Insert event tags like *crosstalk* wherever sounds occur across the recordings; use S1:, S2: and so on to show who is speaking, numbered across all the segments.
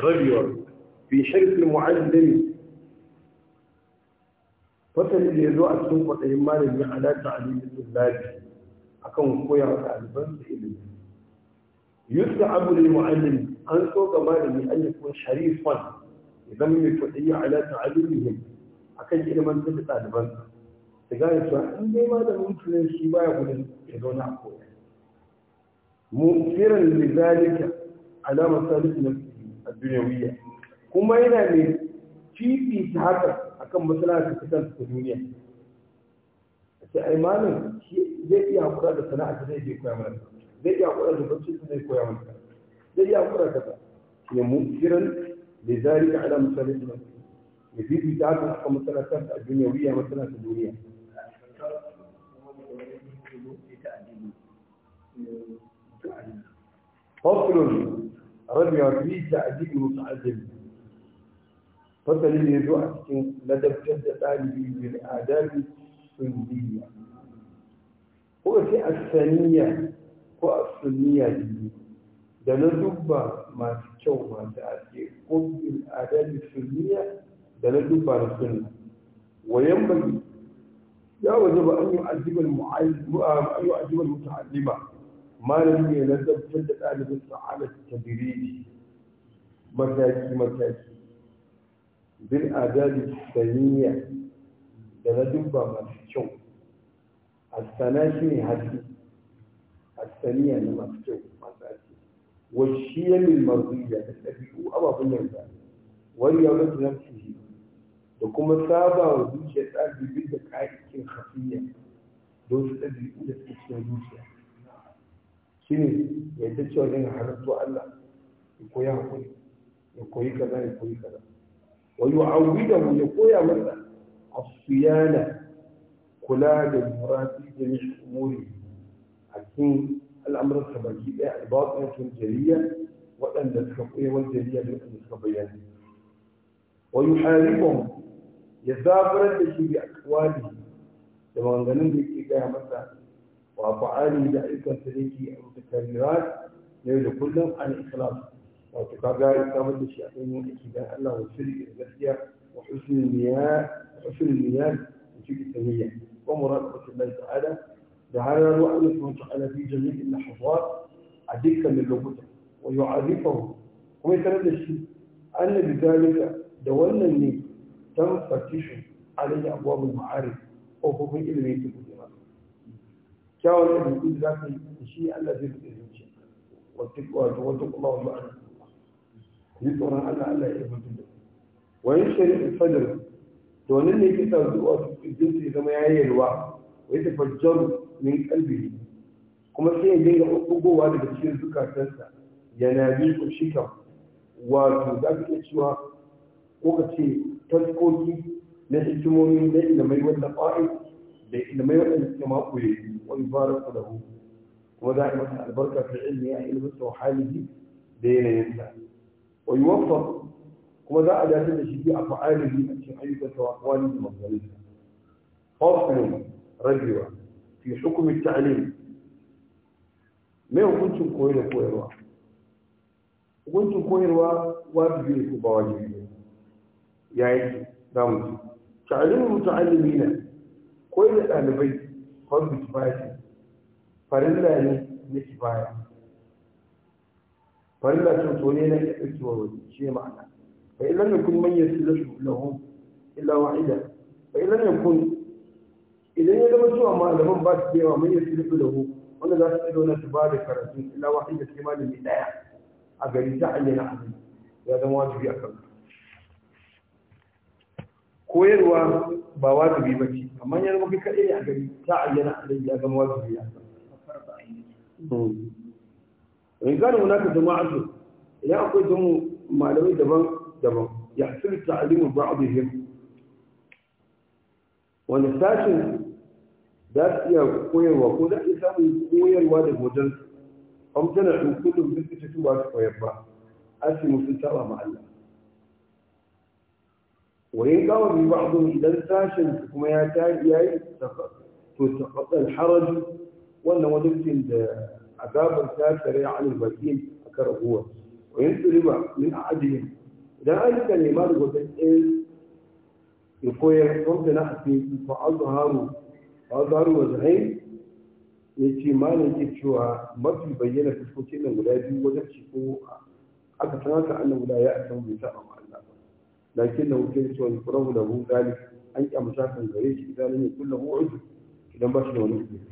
S1: رجل في شرف المعلم watan da ya zo a cikin kwaɗayin malami ala ta'alimin lullabi akan koya wa ɗaliban su ilimi yusa abu ne mu'allim an so ga malami an yi kuma sharifan idan mai kwaɗayi ala ta'alimihim akan ilimin da ɗaliban su ta gane cewa in dai malamin tunan shi baya gudun ya zauna a koya mu firan da zalika alamar salisu na duniya dunyawiyya kuma yana mai fifita haka akan maslahar ta kanta ta duniya sai ai malam zai iya hakura da sana'a ta zai koya mana zai iya hakura da bacci ta zai koya mana zai iya hakura da ta ya mumkiran da ga ala misalin da ya fifita haka akan maslahar ta duniya dunyawiyya maslahar ta duniya Hopefully. rabewa biyu da addini muta'azzim fasalin da ya zo a cikin ladabtar da ɗalibi bil adabi sunniya ko ce asaniya ko asuniya ne da na dubba masu kyau masu ake ko bil adabi sunniya da na dubba na sunna wayan bagi ya waje ba an yi ajibal mu'allim malami ne na tabbatar da ɗalibin sa ala tabiriji mataki mataki bil adadi saniya da na dubba masu kyau asana shi ne haske asaniya na masu kyau masu haske washiyamin marziya da ɗabi'u ababen yarda wani yawon su nafsihi da kuma saba wa zuciya ɗalibin da ƙa'ikin hafiya don su ɗabi'u da suke cikin zuciya shine ne ya ta cewa yin halattu Allah ya koya hakuri ya koyi kaza ya koyi kaza wa yu'awwidahu ya koya masa asiyana kula da murati da mishi umuri a cikin al'amuran sa baki ɗaya albatsancin jariya waɗanda suka koya wani jariya da waɗanda suka bayyana wa yuharibuhum ya zaburar da shi bi akwali da maganganun da yake gaya masa وافعاله ذلك الفريقي المتكررات يريد كلهم عن إخلاص واعتقاد ذلك قبل الشيخين والاتباع له الفريق الغزية وحسن المياه وحسن المياه وفكر التنمية ومراد الله تعالى جعل الله سبحانه وتعالى في جميع اللحظات عديدة من لغته ويعرفه ويتردد الشيء أن بذلك دولني تم فتيش عليه أبواب المعارف وهو من إلى بيت kyawun ɗabi'u da za ka yi shi Allah zai buɗe zuciya wata wato wata kuma wata ana yi tsoron Allah Allah ya mutu da wani shari'a fadar da wani ne ke sa zuwa zuciya ya zama yayyarwa wai ta fajjar min kalbi kuma sai ya dinga bugowa daga cikin zukatansa yana bi ku shika wato za ka iya cewa ko ka ce taskoki na hikimomi na ilimai wanda ƙwa'in لكن ما يؤمن كما قلت ويبارك له ودائما البركة في العلم يا إلى مثل حاله دين ينسى ويوفق كما ذا أدى جل شديء أفعاله الشحيطة وأقواله المظلمة فصل رجوة في حكم التعليم ما يكون كويل كويل وكنتم كويل واجبين كبواجبين يعني دامتي نعم. تعليم المتعلمين koyar da ɗalibai fardu kifaya ce farilla ne na kifaya farilla sun to ne na ya ɗauki wa wani shi ne ma'ana fa ilan yakun man yasilu lahum illa wahida fa ne kun idan ya zama cewa malaman ba su da yawa da su lahu wanda za su na su ba da karatu illa wahida sai malami ɗaya a gari ta ayyana abin ya zama wajibi a kan koyarwa ba wajibi ba ce amma ya zama kaɗai ne a gari ta ayyana a ya zama wajibi ya riganu na ka jama'atu idan akwai mu malamai daban-daban ya fi ta'alimin ba'adihim wanda sashin za su iya koyarwa ko za su samun koyarwa da wajen amtana in kullum duk ita su ba su koyar ba a sun saba ma Allah وإن قام ببعضهم إذا انتاشن كما يحتاج ياي تسقط الحرج ولا ودلت عذاب الكافر عن البدين أكره وينسلب من أحدهم ذلك الإمام وتسئل يقول يحصل نحسي فأظهر أظهر وزعين يجي ما نجيب شوها ما في بيّنة في الكوتين ولا يجي وجب أكثر أكثرات أنه لا يأتون بسبب lakin na wuce su wani furahu da hun gali an kyamata kan gare shi idan ne kulla hu'ud idan ba shi da wani izini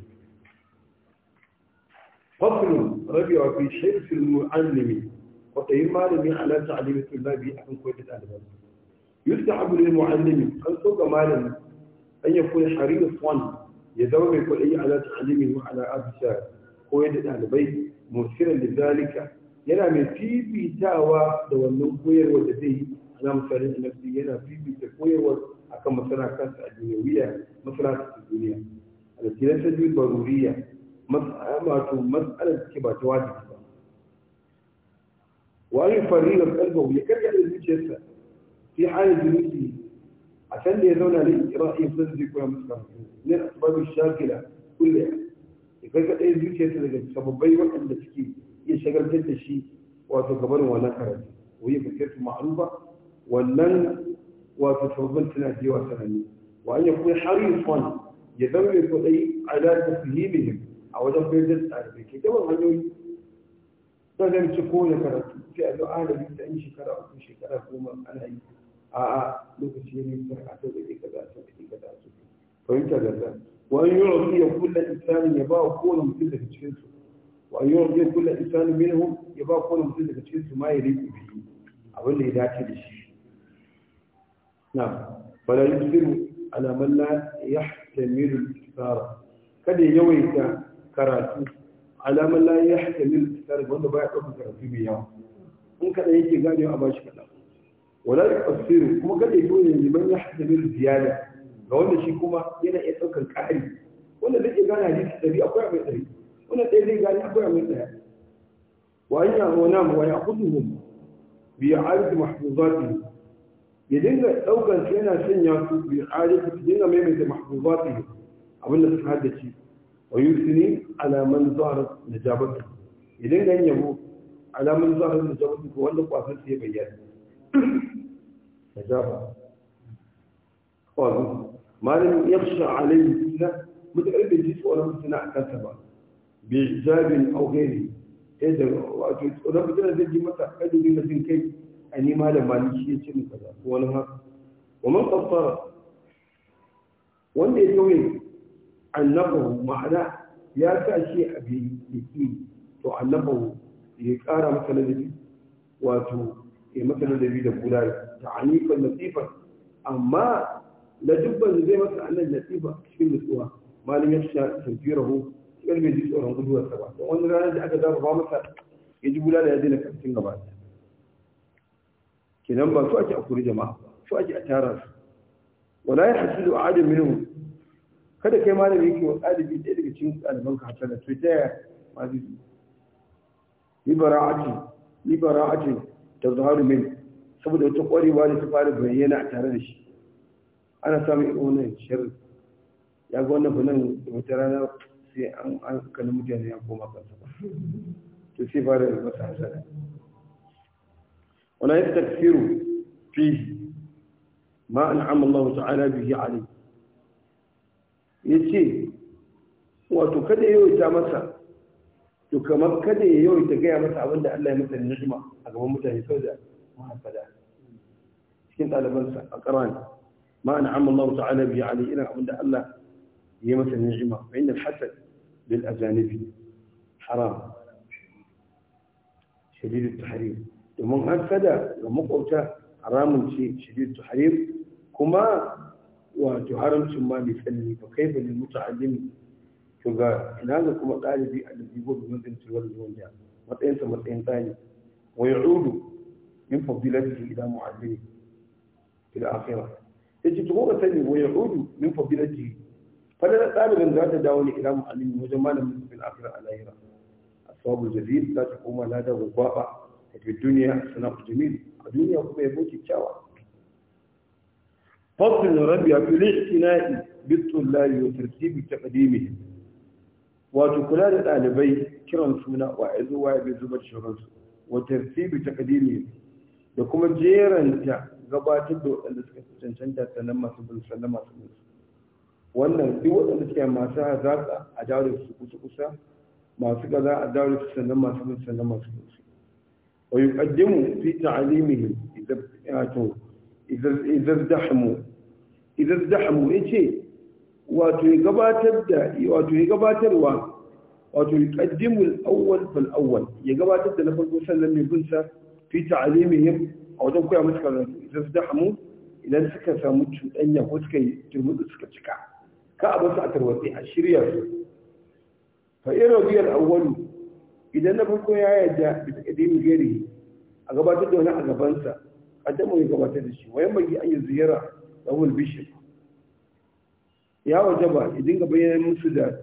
S1: fasulun rabiwa fi shaifin mu'allimi kwaɗayin koyar da ɗaliban يستحب للمعلم أن تبقى مالا أن يكون حريص يدور يكون على تعليمه وعلى أبسار هو يدد على بيت مؤثرا لذلك في بيتاوى دولنه ويروى لديه za mu tare da nafsi yana bibita koyarwar akan masana kansa a duniyawiya masana ta duniya alƙilan ta biyu baruriya wato mas'alar take ba ta wajibi ba wa yi farira kalbahu ya karya da zuciyarsa fi halin zunubi a san da ya zauna da ra'ayin sun zai koya musu karatu ne a sababu shagila kulle ya karya da zuciyarsa daga sababbai waɗanda suke iya shagaltar da shi wato gabanin wannan karatu wa yi fasirtu ma'arufa wannan wato shugaban tana jewa sanani wa an yakun harisan ya zama mai kudai ala tafhimihim a wajen bayyana tsari ke gaban hanyoyi zan zan ci ko ya karatu sai a zo alami ta yin shekara uku shekara goma ana yi a a lokaci ne sai a ta zai kaza ta zai kaza ta
S2: fahimta da zan wa an yurfi
S1: ya kullu insanin ya ba kowane mutum daga cikin su wa an yurfi ya kullu insanin minhum ya ba kowane mutum daga cikin su ma ya rike biyu abin da ya dace da shi نعم فلا يجزر على من لا يحتمل الاستثارة kada ya yawaita karatu alamar la ya hakamil tsari wanda baya ɗaukar karatu mai yawa in kada yake gane a bashi kaɗan wala ya kuma kada ya yi liman ya hakamil ziyada ga wanda shi kuma yana iya ɗaukar ƙari wanda zai gane hadisi ɗari akwai mai ɗari wanda ɗaya zai gane akwai mai ɗaya wa an yi a wana wa ya mu biya arzi mahfuzati ya dinga ɗaukar su yana sanya su bi arifu su dinga maimaita mahbubati abin da suka haddace wa yusini alaman zuwa da jabatu ya dinga yin yabo alaman zuwa da jabatu ko wanda kwasan su ya bayyana da jaba kwazo malam yakhsha alayhi na mutakar da ji tsoron mutuna a kansa ba bi jabin au gairi sai da wato tsoron mutuna zai ji masa kadin da jin kai a ni malam maliki ya ce min kaza ko wani haka wa man kaffara wanda ya tauye annabahu ma'ana ya sa shi a bai yaki to annabahu ya kara masa na ladabi wato ya masa ladabi da bulari ta anifan nasifa amma na ladubban zai masa annan nasifa cikin nutsuwa malin ya sha tafirahu cikin bai ji tsoron guduwarsa ba don wani ranar da aka zaba ba masa ya ji bulari ya daina karfin gaba ɗaya kenan ba su ake a kuri jama'a su ake a tara su wala ya hasilu a adam minhu kada kai malami yake wa ɗalibi ɗaya daga cikin ɗaliban ka hasala to ta yaya ma zai yi bara'ati yi bara'ati ta zuharu min saboda wata ƙwarewa da ta fara bayyana a tare da shi ana samun irin wannan shirin ya ga wannan bunan wata rana sai an kalli mutane ya koma kansa to sai fara da masa hasala ولا يستكثر فيه ما أنعم الله تعالى به عليه يسي وتكده يويتا مسا تكمكده يويتا جاي مسا وانا الله مثل النجمة أقوى متهي فوزا ما أفدا كنت على بنسا أقران ما أنعم الله تعالى به عليه إنا وانا الله هي مثل النجمة فإن الحسد للأجانب حرام شديد التحريم domin hasada ga makwauta haramun ce shididdu harim kuma wato haramcin ma mai tsanani ba kai ba ne muta'allimi to ga ina ga kuma ɗalibi a ɗalibo da manzan tilwar zuwa matsayinsa matsayin tsari wa ya rudu min fadilatihi ila mu'allimi ila akhira yace to ko sani wa ya rudu min fadilatihi fadar ɗalibin za ta dawo ne ila mu'allimi wajen malamin fil akhira a lahira asbabul jadid za ta koma lada gwagwaba daga duniya suna ujimin a duniya kuma ya boke kyawa fasil na rabbi a filin sinai bitun layu a tarzibi ta ƙadimi wato kula da ɗalibai kiran suna wa ya zuwa ya bai zubar shiransu wa tarzibi ta ƙadimi da kuma jeranta gabatar da waɗanda suka cancanta ta nan masu bin sannan masu bin wannan duk waɗanda suke masu hazaƙa a jawo da su kusa-kusa masu gaza a jawo da su sannan masu bin sannan masu bin ويقدموا في تعليمهم إذا آتوا إذا إذا ازدحموا إذا ازدحموا إيش واتوا يقبات تبدأ واتوا يقبات الوا واتوا يقدموا الأول فالأول يقبات تبدأ نقول مثلا لم ينسى في تعليمهم أو تقول يا إذا ازدحموا إلى سكت سامج أن يفوز كي تلمد سكت كع كأبو سعد الشريعة فإيه الأول idan na farko ya yarda bi taqdim gari a gabatar da wani a gabansa adama ya gabatar da shi wayan bagi an yi ziyara lahul bishir ya wajaba ya ga bayyana musu da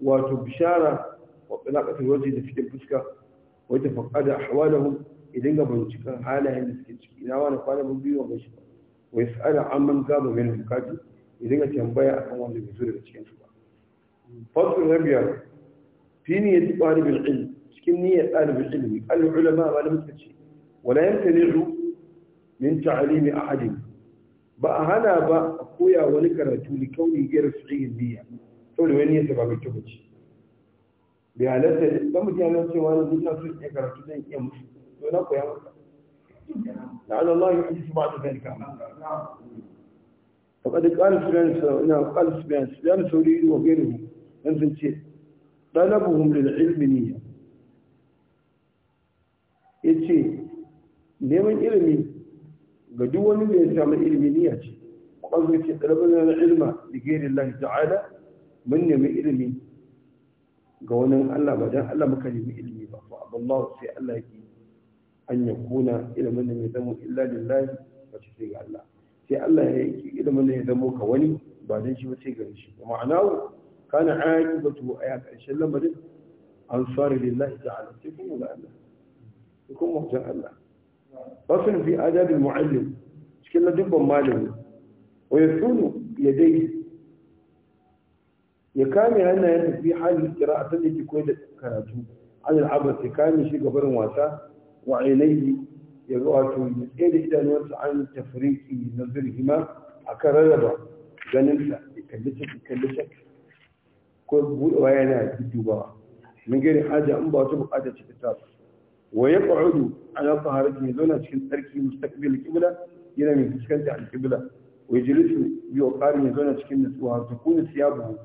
S1: wato bishara wa bilaqatul wajhi da fitin fuska wa da ahwalahum ya dinga bincikan halayen da suke ciki ina wani kwana mun biyu ga shi wa yas'ala amman gaba mai bukati idan ga tambaya akan wanda bai zo daga cikinsu ba fasul rabiyar في نية طالب العلم cikin niyyar ɗalibin ilimi al'ulama malamin ta ce wala yanka ne min ta'alimi ahadin ba a hana ba a koya wani karatu ne kauni gairar su cikin niyya saboda wani niyyar ba mai kyau ce bai halatta ba mu tiyana cewa ne duk na su karatu zan iya musu to na koya maka la'ala Allah ya yi su ba ta zalika فقد قال سفيان قال سفيان سفيان ثوري وغيره لم تنشئ talabuhum lil ilmi niyya yace neman ilimi ga duk wani da ya samu ilimi niyya ce ƙwazar ce ɗarɓar na ilma da gerin lahi ta'ala mun nemi ilimi ga wani Allah ba Dan Allah muka nemi ilimi ba ba Allah sai Allah ki an ya kuna ilimin da mai zamo illa lillahi ba ce sai ga Allah sai Allah ya yi ilimin da ya zamo ka wani ba don shi ba sai gare shi ma'ana كان عاجبته آيات عيشة لما دي أنصار لله تعالى تكون الله يكون مهجا فصل في آداب المعلم شكل دبا ماله ويكون يديه يكامي أن في حال الاستراء تنجي كويدة كاراتو عن العبر تكامي شيء قبر واسا وعينيه يرواتو يسئل إذا نوات عن التفريق نظرهما أكرر ربا جننسا يكلسك يكلسك ko buɗewa yana dudduba min gari haja in ba wata bukata ce ta tasu wa ya ƙa'udu ala taharati ya zauna cikin tsarki mustaqbil qibla yana mai fuskanta al qibla wa yajlisu bi waqari ya zauna cikin nutsuwa ta kuna siyabu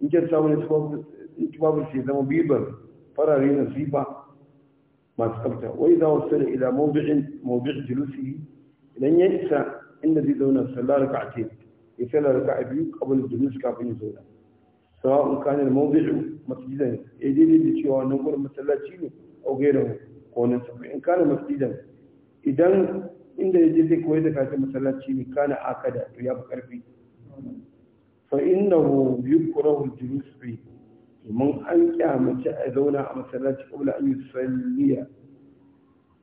S1: in kin samu ne tubabu sai zama bibar farare na sifa masu tsafta wa idza wasala ila mawdi'in mawdi' julusihi idan ya isa inda zai zauna sallar raka'atayn ya sallar raka'a biyu qabl julus kafin ya zauna sawa'un kana mawdi'u masjidan ya eh, daidai da cewa wannan gurin masallaci ne a gairan kwanan nan in in kana masjidan idan inda ya je zai da kashe masallaci ne aka da to ya fi karfi fa innahu biyu al-julus sufi mun an kyamace a zauna a masallaci qabla an yi yusalliya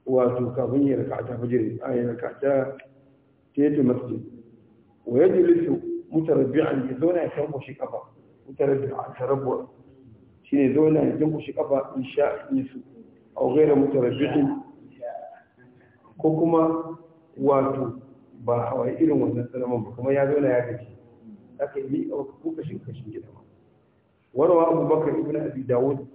S1: wato kafin ya rakata fajiri a ya rakata tayyatu masjid wa yajlisu mutarabbi'an ya zauna ya kanko shi kafa tarabbu shi ne zo na jin shi kafa in sha isu a gaira mutarabbitin ko kuma wato ba hawaye irin wannan salaman ba kuma ya zo na ya gaji aka yi a wata kuka shi kashin gida ba wani wa abubakar ibn abi dawud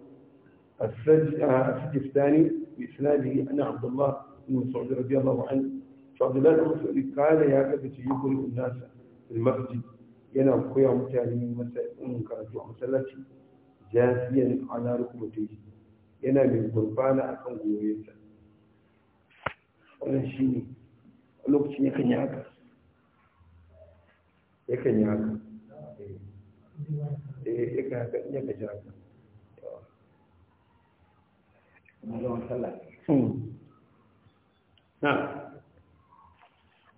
S1: السجستاني بإسناده أن عبد الله بن مسعود رضي الله عنه فعبد الله بن مسعود قال يا كبت يقول الناس في المسجد yana koya mutane matsayin karatu a masallaci jafiyan ala rukubatai yana mai gurbana akan goyensa wannan shi ne a lokacin kan yi haka ya kan yi haka eh, eh kan haka in kan yi haka hmm. na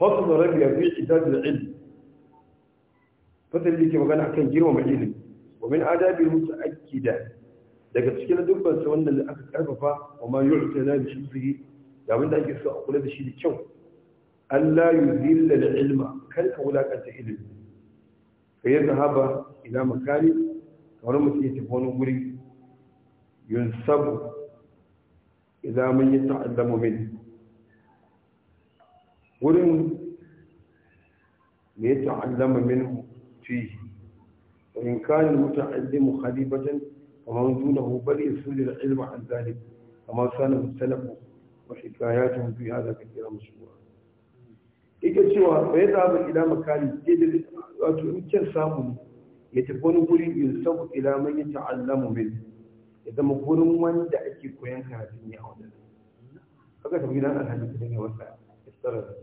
S1: fasu da fi da ilmi fasali yake magana akan girmama ilimi wa min adabi mutaakkida daga cikin dubban sa wanda aka karfafa wa ma yu'tada bi shukrihi da wanda ake so a kula da shi da kyau Allah yuzilla al-ilma kal awlaqata ilmi fa yadhhaba ila makani kamar mutum ya tafi wani guri yunsabu ila man yata'allamu min wurin ne ya ta'allama minhu فيه وإن كان المتعلم خليفة ومن دونه بل يسود العلم عن ذلك كما كان السلف وحكاياتهم في هذا كثيرا مشهورا yake cewa bai zaɓa ila makali ke da wato in kyan samu ya tafi wani guri in sabu ila man ya ta'allamu min ya zama gurin wanda ake koyan karatun ya wajen haka tafi gidan alhaji ta dinga wasa ya tsara da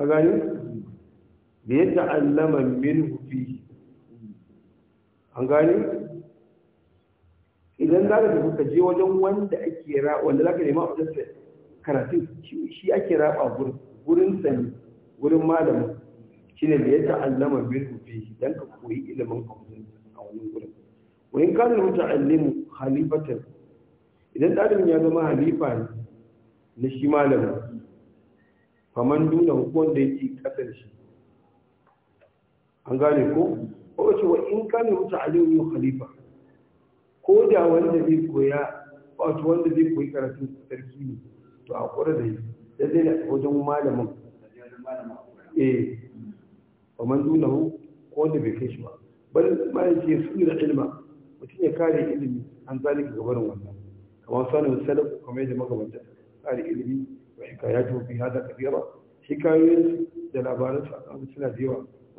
S1: a gani da ya ta'allama min fi an gani idan za ka tafi ka je wajen wanda ake ra wanda za ka nema a wajen karatun shi ake raba gurin sani gurin malamin
S2: shi ne da ya ta'allama
S1: min fi don ka koyi ilimin a wani gurin wani kanar muta'allimu halifatar idan ɗalibin ya zama halifa ne na shi malamin faman duna wanda yake kasar shi an gane ko ko wa in ne wuta aliyu khalifa ko da wanda zai koya wato wanda zai koyi karatun sarki ne to a kura da shi da zai na wajen malamin eh ba man dunahu ko da bai kai shi ba bal ma ce su da ilma mutum ya kare ilimi an ga gabarin wannan kamar sanin salaf kamar yadda makamanta kare ilimi wa hikayatu fi hada kabira hikayoyin da labaransa suna da yawa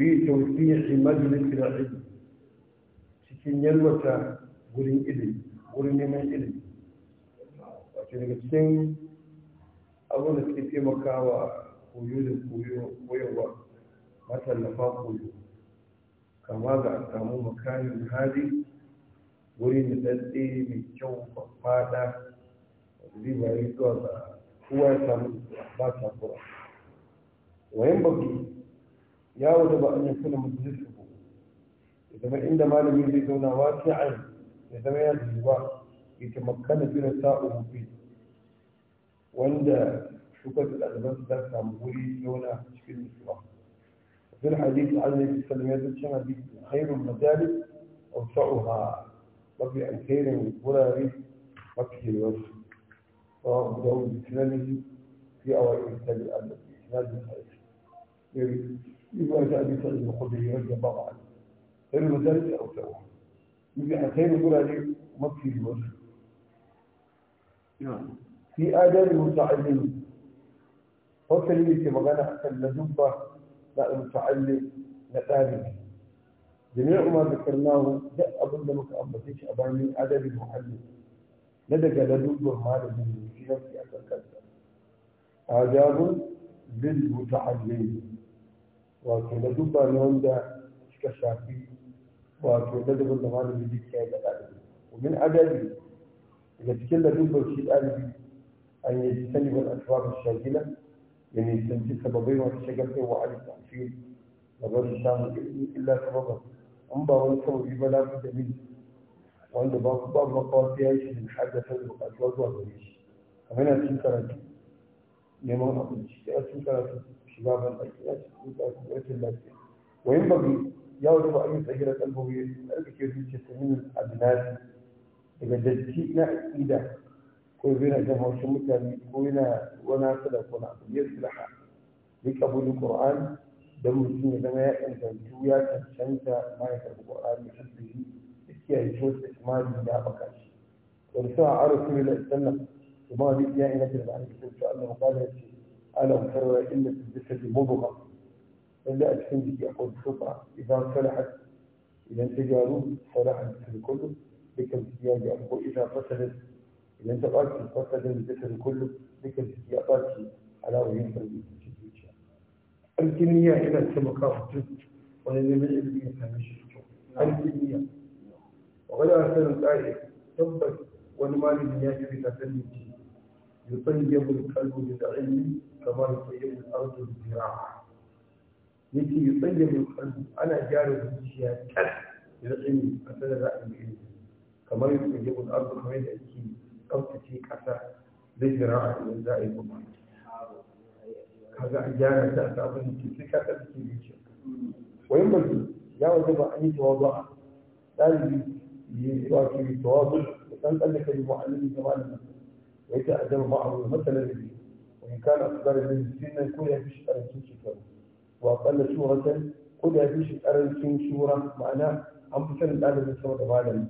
S1: fi tawfi'i majlis al-ilm cikin yalwata gurin ilimi gurin neman ilimi wato daga cikin abin da suke taimakawa koyo da koyo koyarwa matallafa koyo kama ga a samu makamin hali wuri da tsatse mai kyau fada zai bayi zuwa ya samu ba ta kura wayan babu ya waje ba an yakuna majalisu ya zama inda malami zai zauna wasi'an ya zama ya zuwa ya tamakkana bin sa'u fi wanda shukar da ɗaliban za su samu wuri zauna cikin nutsuwa في الحديث عن النبي صلى الله عليه وسلم حديث خير المجالس أوسعها وفي الخير البراري مكه الوجه رواه أبو داود بسنده في أوائل كتاب الأدب بسنده صحيح يبقى جاء بسعيد الخدري رضي الله عنه غير ذلك او سواء يبقى احنا خير نقول عليه ما في الوجه نعم. في آداب المتعلم هو كلمة مغانا اللزمة لا المتعلم لا طالب جميع ما ذكرناه جاء أظن لك أبتش أبان من آداب المعلم لدك لزمة ما لزمه في نفسي أتكلم آداب للمتعلم وكذا دوبا نوندا شكا شافي وكذا دوبا نوانا نجيب كاي لقالبي ومن عدد إذا تكلا دوبا شيء قالبي أن يجتنب الأسواق الشاكلة يعني يجتنب سببين وتشكلت وعلي التحفير نظر الشام إلا سببا أم بابا نسوا في بلاد الدليل وعند بعض بعض مقاطع يعيش من حاجة تنبق أسواق وزريش أمين أسواق في في من شباب الأكلات وتأكلات اللاتي وينبغي يوجب أن يسجل قلبه بأربك يوجد من الأبنات إذا جدتنا إذا كل بينا جمع شمتا بينا ونا سلف ونا يسلح لك أبو القرآن دم الدنيا لما يأنت جويا تنشنت ما يكتب القرآن بحسبه إكيا يشوت إسمال من دابكاش ورسوها عرف من الأسلام وما بي جائنة المعرفة فأنه قال ألم ترى إن في الجسد مضغة إلا أجسندك يقول خطأ إذا فلحت إذا انتجاروا فلح الجسد كله لك امتياج إذا فسدت إذا انتقلت فسد الجسد كله لك امتياجات على وجه الجسد الكمية إلى السمكة وجد ولنمع البيئة مشروع الكمية وغير سنة الآية تبت ولمال النياج في تسليم يطيب القلب بالعلم كما يطيب الارض بالزراعة يجي يطيب القلب على جاره الشيء كذا بالعلم مثلا رأي العلم كما يطيب الارض كما يأتي قبطة شيء كذا بالزراعة من زائد ومعنى هذا جارة تأتى أظن تفكى تأتي بيشك وينبغي يا وجب أن يتوضع لازم يجب أن يتواضع وكانت أنك المعلم كمان المسلم ويتأدب معه مثلا به وإن كان أكبر من سنا كلها فيش أرنسين شكرا وأقل شورة كلها فيش أرنسين شورة معناه أم فسن الآن من سبب العالم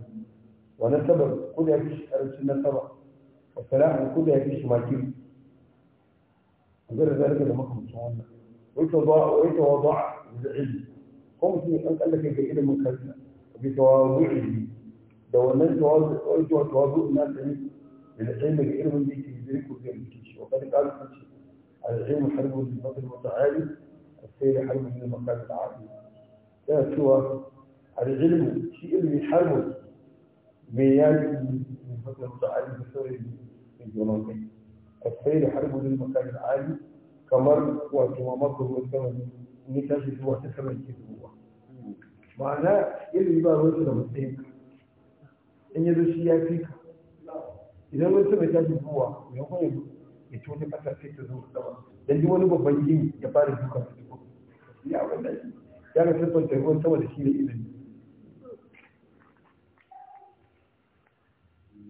S1: ونسب كلها فيش أرنسين نسبة وسلاح كلها فيش ماكين غير ذلك لما كنت شوانا ويتوضع ويتوضع بالعلم هم في أن قال لك إذا من خلفه بتواضعه دونان تواضع الناس يعني للعلم العلم اللي يدركه زي الكيش وقد قال الكيش العلم حرب للبطل المتعالي السير حرب من المكان العالي لا سوى العلم شيء اللي يحرم ميال البطل المتعالي بسوري الجنوبي السير حرب للمكان العالي كمر وكمامته والثمن نتاج هو تسمى هو معناه اللي يبقى وزن مستيق إن يدوشي يأتيك idan wani sama ya tashi zuwa ya kuma ya ci wani ƙasa sai ta zo sama dan ji wani babban gini ya fara duka su ya wannan ya ga sifar ta sama da shi ne ilimi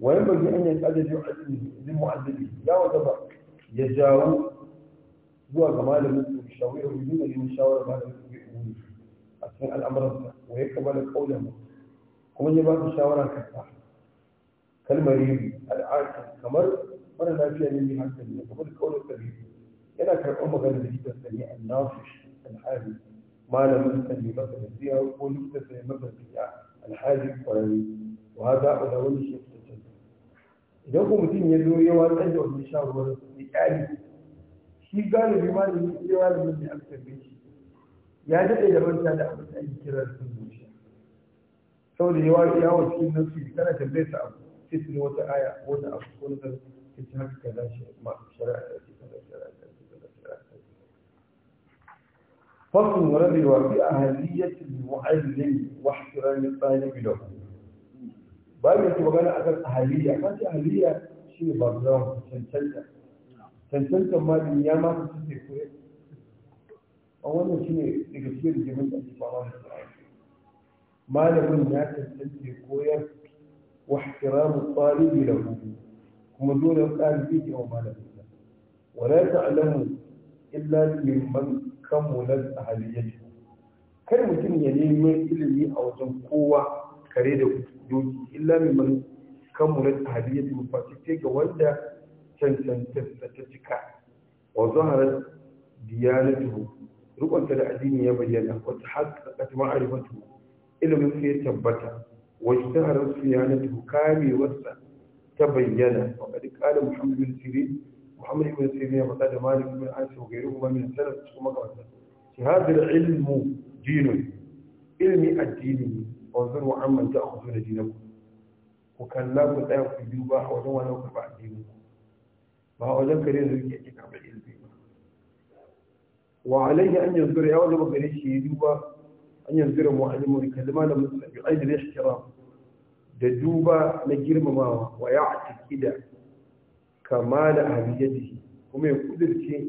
S1: wani bagi an yi adadi zai mu'addadi ya wata ba ya jawo zuwa ga malamin su shawara wani ne ne shawara malamin su bai umuri a cikin al'amuransa wa ya da kaulan kuma ya ba su shawara kasa kalmariri al'arka kamar mara lafiya ne mai hankali ne kamar kaunar kalmariri yana karɓar magana da likitan sa ne annafish alhari malamin sa ne masa nasiha ko likitan sa ne masa nasiha alhari kwararre to haza a wani shi ta idan ko mutum ya zo ya watsar da wani shawarwar ya ƙyale shi galibi malami ya malamin da aka tambaye shi ya daɗe da manta da abin da ake kira da sun zuciya saboda yawa yawa cikin nan su kana tambayar sa abu تسل وتا آية وتا أفكون ذا كتاب كذا ما شرع كذا شرع فصل ورد الواقع أهلية المعلم واحترام الطالب له بعد أن تبقى أكثر أهلية ما هي أهلية شيء بغضاهم تنسلت تنسلت ما دنيا ما تنسلت كوي أولا شيء تكثير جميل أن تبقى الله ما لبن ما تنسلت كوي واحترام الطالب له دون يقال فيك أو ما لك ولا تعلم إلا لمن كملت أهليته كان مجمع يليم إلمي أو جنقوة كريدة إلا لمن كملت أهليته فاتتك وانت شن شن تستتك وظهرت ديانته رؤى أنت العديم يبين وتحققت معرفته إلا من فيه تبتك واشتهرت صيانته كامي وسا تبين وقد قال محمد بن سيرين محمد بن سيرين وقال مالك بن انس وغيرهما من السلف ثم قال هذا العلم دين علمي الدين وانظروا عمن تاخذون دينكم وكان لا بد في بيوبا وجن وانا كربا دينكم ما هو ذلك رزق يجيك بالعلم وعليه ان يذكر يا ولد بغير شيء يدوبا an yanzura mu an yi kalma da musulmi bi ajli da duba na girmamawa wa kama da ahadiyatihi kuma ya kudirce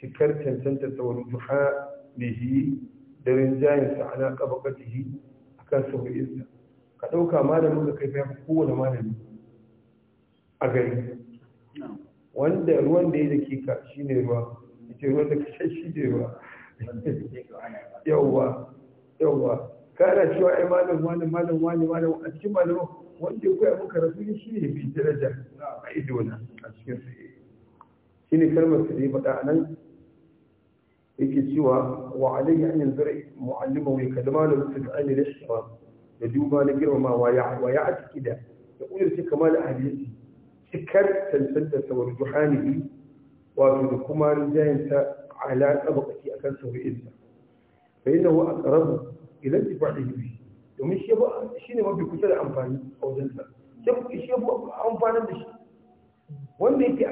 S1: cikar cancanta wani duha bihi da rinjayen sa ana qabaqatihi akan sauyinsa ka dauka malamin da kai fa kowane malami a gari wanda ruwan da ya dake ka shine ruwa ita ruwan da ka shi da ruwa *laughs* yauwa yawwa kana cewa ai malam malam malam malam malam a cikin malamu wanda ya koya maka rasuli shi ne bi daraja a idona a cikin sa shi ne kalmar da ya faɗa nan yake cewa wa alayhi an yanzura mu'allima wa kalma la tud'ani lil shara da duba na girmamawa ya wa ya atkida da ulul kamal ahliyati cikar tantanta sawar juhanihi wato da kuma rijayanta ala tabaqati akan sawi'insa fa innahu aqrabu ila intifa'ihi bihi domin shi ba shine mafi kusa da amfani a wajen sa shi ba amfanin da shi wanda yake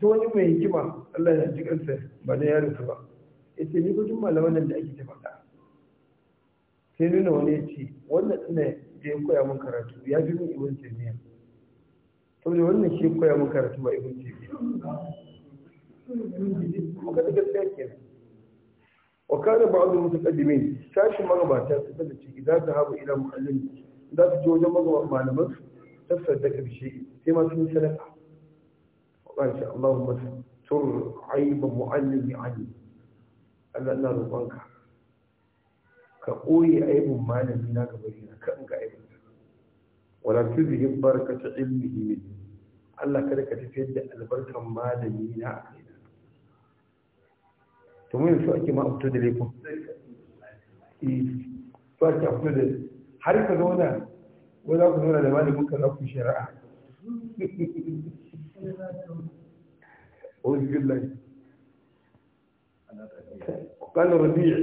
S1: ta wani mai hikima Allah ya ji kansa ba da yaron ba yace ni gudun malaman nan da ake ta faɗa sai nuna wani ya ce wannan ina da ya koya min karatu ya fi min ibn taymiya saboda wannan shi koya min karatu ba ibn taymiya kuma kada gaskiya kenan وكان بعض المتقدمين ساشي مغباتا تبدأ إذا ذهب إلى معلم إذا تجوز مغبا معلمة تصدق بشيء فيما في سلفة وقال شاء اللهم تر عيب معلم عني ألا أنا ربانك كأوي عيب معلم هناك برينا كأنك عيب ولا تذهب بركة علمه مني الله كذا كتفيد البركة معلمين أكيد to mu yanzu ake ma a fito da laifin to ake a fito da har ka zauna ko za ku zauna da malamin ka za ku shari'a أعوذ بالله قال ربيع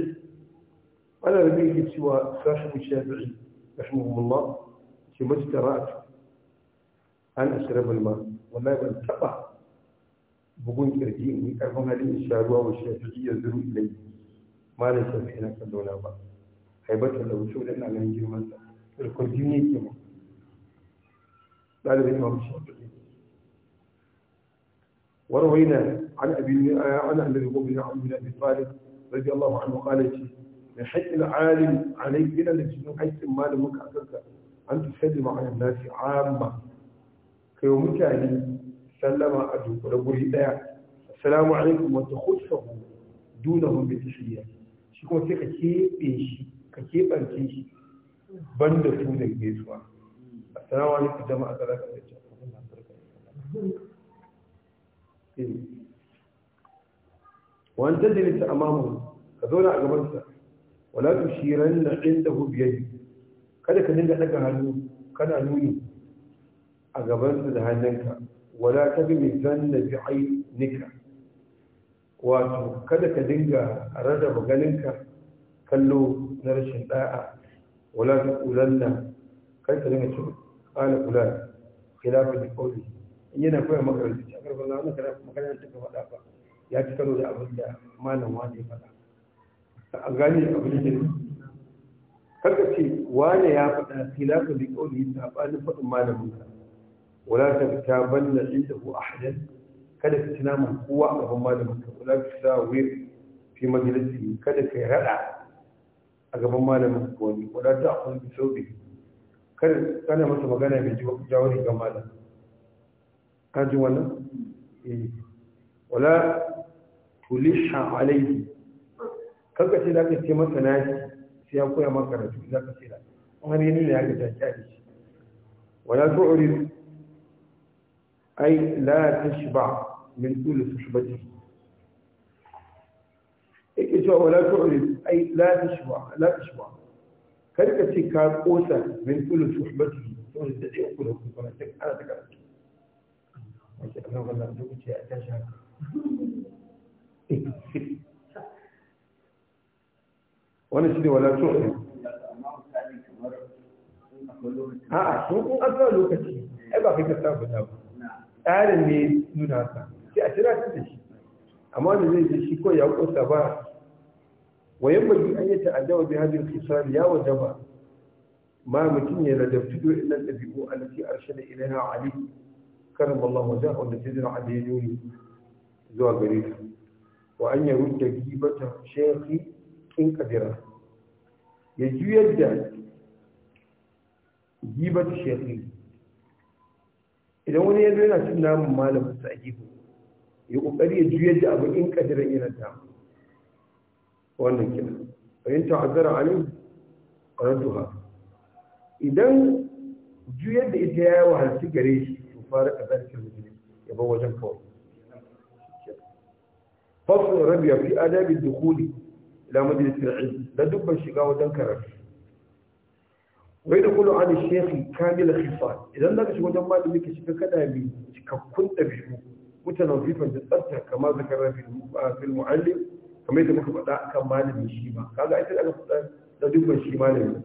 S1: قال ربيع سوى صاحب الشافعي رحمه الله في ما استرأت أن أشرب الماء والله بل تبع بقول كذي إني أفهم هذه الشعوب والشافعية يزرو إلي ما ليس فينا كدولة بقى هاي بس لو شو لنا على نجيب مثلا الكوزيني كم لا لبين ما مش وروينا عن أبي عن الذي قبل عن ابن أبي طالب رضي الله عنه قال شيء من حيث العالم عليك إلى الذي من حيث ما لم يكن أن تسلم على الناس عامة كيومك عليه sallama a da guri daya assalamu alaikum wa duna dunahum bi tahiyya shi kuma sai ka kebe shi ka kebance shi banda su da gaisuwa assalamu alaikum jama'a sadaka da jama'a وأن تجلس wala كذولا أقبلت ولا تشيرن عنده بيدي kada ka dinga daga hannu kana nuni a gabansa da hannunka wala ta bi zanna bi ainika wato kada ka dinga rarraba ganinka kallo na rashin da'a wala ta kulanna kai ka dinga cewa ala kulan khilafin da kauli in yana koyar maka rubuci a karfin na wannan kana magana ta ka faɗa ba ya ci karo da abin da malam wani ya faɗa gani gane abin da ne karka ce wane ya faɗa khilafin da kauli sabanin faɗin malamin ka wala ta ta banna indahu ahadan kada ka tuna mun kowa a gaban malamin ka wala ta sa wir fi majalisi kada ka rada a gaban malamin ka wani wala ta akun bi saubi kada kana masa magana mai jawo jawari ga malam ka ji wannan eh wala tulisha alaihi kanka ce zaka ce masa na shi, sai ya koya maka karatu zaka ce da an har yana ya ga ta kyale shi wala tu'rid أي لا تشبع من كل صحبته إجا ولا تعلم أي لا تشبع لا تشبع كذلك كان أوسى من كل صحبته تقول الذي أقوله *laughs* *laughs* آه، في صلاتك أنا تكلمت أنا والله زوجتي أتشهد wani shi ne wala tsohon a sun kun asuwa lokaci ai ba kai ka sabu ta tsarin ne nuna ka sai a tira da shi amma da zai ji shi ko ya kosa ba yamma bi an yi adawa bi hadin kisal ya wajaba ma mutun ya ladabtu do illan dabi'u allati arshada ilaiha ali karam Allah wajahu da sidra ali yuni zuwa gare ta wa an yurda gibata shaykhi in kadira ya juyar da gibata shaykhi idan wani ya zo yana cin namun malamin sa a gefe ya kokari ya juyar da abu in kadiran yana ta wannan kina bayan ta'azzara alim qaratuha idan juyar da ita ya yayi wahalci gare shi to fara kazar kin ya ba wajen kawai فصل ربيع في آداب الدخول majalisar ilmi da dubban shiga wajen karatu. ويدخل عن الشيخ كامل الخصال إذا لا تشوف جماعة لك شكل كلامي ككل تبشو متنظيفا تتأثر كما ذكر في في المعلم كما يتمكن بدأ كمال من يشيما هذا أيضا أنا لديك من الشيما لم